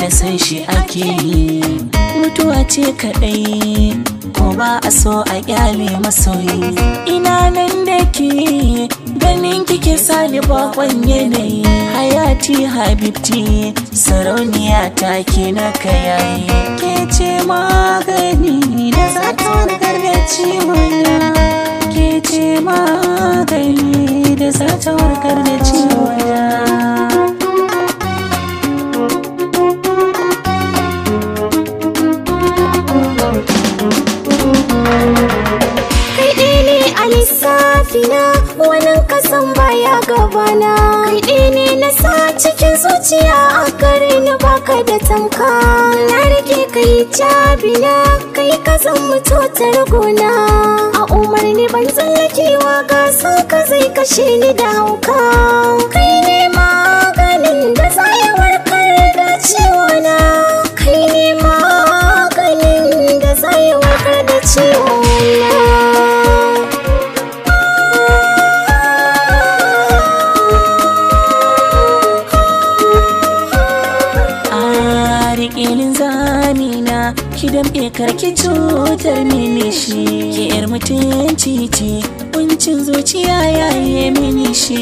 na san shi ake yi mutuwa ce kaɗai ko ba a so a kyale masoyi ina nan da ke ganin kike sani bakon yanayi hayati habibti sarauniya ta ke na kayayi ke ce magani da zata na gargaci wani baka da tamka na rike kai jabina kai ka san mutotar gona a umarni ban tsallakewa gasa ka zai kashe ni da hauka kai ne ma damɗe karki cutar mini shi ke yar mutunci ce kuncin zuciya yi mini shi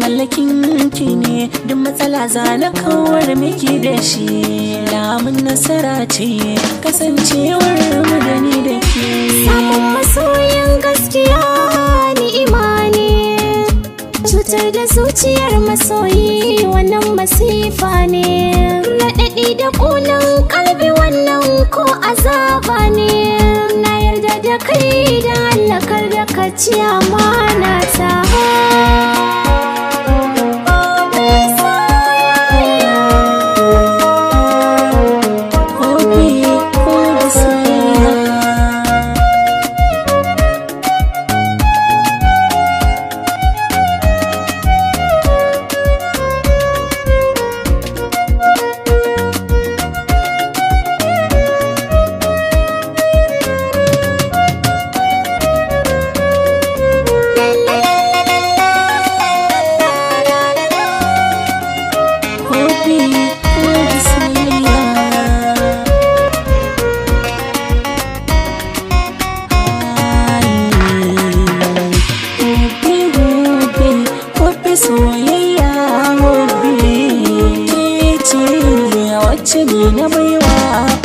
mallakin ki ne duk matsala za na kawar miki da shi lamun nasara ce kasancewar zuciyar masoyi wannan masifa ne raɗaɗi da ƙunan kalbi wannan ko azaba ne na yarda da kai da hallakar da ka ci amana ta sani na baiwa